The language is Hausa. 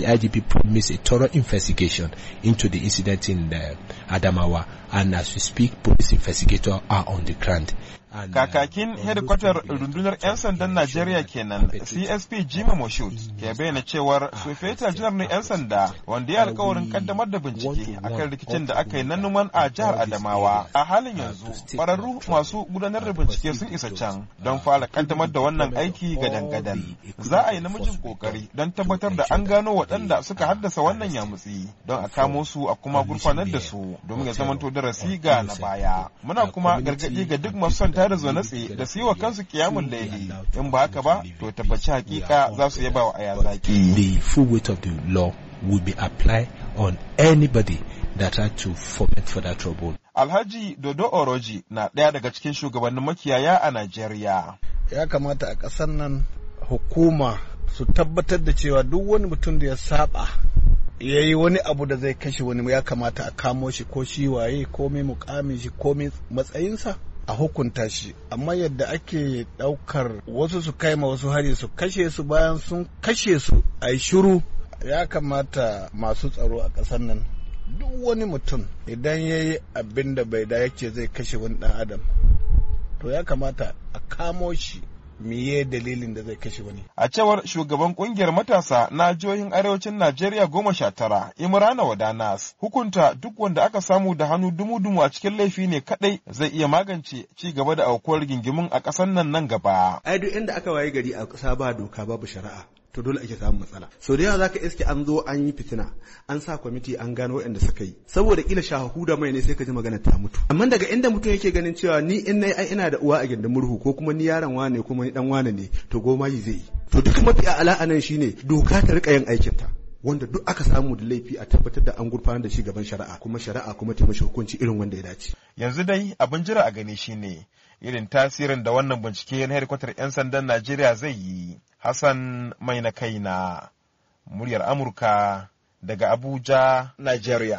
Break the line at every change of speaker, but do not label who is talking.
the IGP promised a thorough investigation into the incident in uh, Adamawa. And as we speak, police investigators are on the ground.
kakakin hedikwatar rundunar 'yan sandan najeriya kenan csp jima moshut ke bayyana cewar ah, sufeta janar na 'yan sanda wanda ya alkawarin kaddamar da bincike a kan rikicin da aka yi na numan a jihar adamawa a halin yanzu kwararru masu gudanar da bincike sun isa can don fara kaddamar da wannan aiki gadan-gadan za a yi namijin kokari don tabbatar da an gano waɗanda suka haddasa wannan yamutsi don a kamo su a kuma gurfanar da su domin ya zamanto darasi ga na baya muna kuma gargaɗi ga duk masu tada zaune tsaye da su yi wa kansu kiyamun laili in ba haka ba to tabbaci hakika za su yaba wa
zaki. The full weight of the law will be applied on anybody that had to forfeit for that trouble.
Alhaji Dodo Oroji na daya daga cikin shugabannin makiyaya a Najeriya.
Ya kamata a ƙasar nan hukuma su tabbatar da cewa duk wani mutum da ya saba ya yi wani abu da zai kashe wani ya kamata a kamo shi ko shi waye ko mai mukamin shi ko matsayinsa a hukunta shi amma yadda ake ɗaukar wasu su kai ma wasu hari su kashe su bayan sun kashe su a yi shiru ya kamata masu tsaro a ƙasar nan duk wani mutum idan ya yi abin da bai da yake zai kashe wani ɗan adam to ya kamata a kamo shi miye dalilin da zai kashe wani.
A cewar shugaban kungiyar matasa na jihohin arewacin Najeriya goma sha tara Imrana Wadanas hukunta duk wanda aka samu da hannu dumu-dumu a cikin laifi ne kadai zai iya magance ci gaba da aukuwar gingimin a ƙasar nan nan gaba.
Ai duk inda aka waye gari a ƙasa ba doka babu shari'a. to dole ake samun matsala Sau da yawa zaka iske an zo an yi fitina an sa kwamiti an gano waɗanda suka yi saboda kila shahu da mai ne sai ka ji magana ta mutu amma daga inda mutum yake ganin cewa ni in nayi ai ina da uwa a gindin murhu ko kuma ni yaron wane kuma ni dan wane ne to goma yi zai yi to duk mafi a'ala anan shine doka ta rika yin aikin ta
wanda duk aka samu da laifi a tabbatar da an gurfanar da shi gaban shari'a kuma shari'a kuma ta mashi hukunci irin wanda ya dace yanzu dai abin jira a gani shine irin tasirin da wannan bincike na hedikwatar 'yan sandan najeriya zai yi hassan mai na kaina muryar amurka daga abuja najeriya